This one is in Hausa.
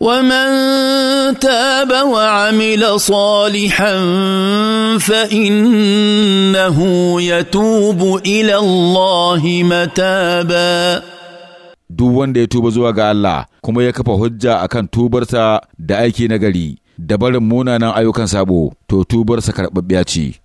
ومن تاب وعمل صالحا فانه يتوب الى الله متابا duk wanda ya tuba zuwa ga Allah kuma ya kafa hujja akan tubarsa da aiki nagari da barin munanan ayyukan sabo to tubarsa karɓaɓɓiya ce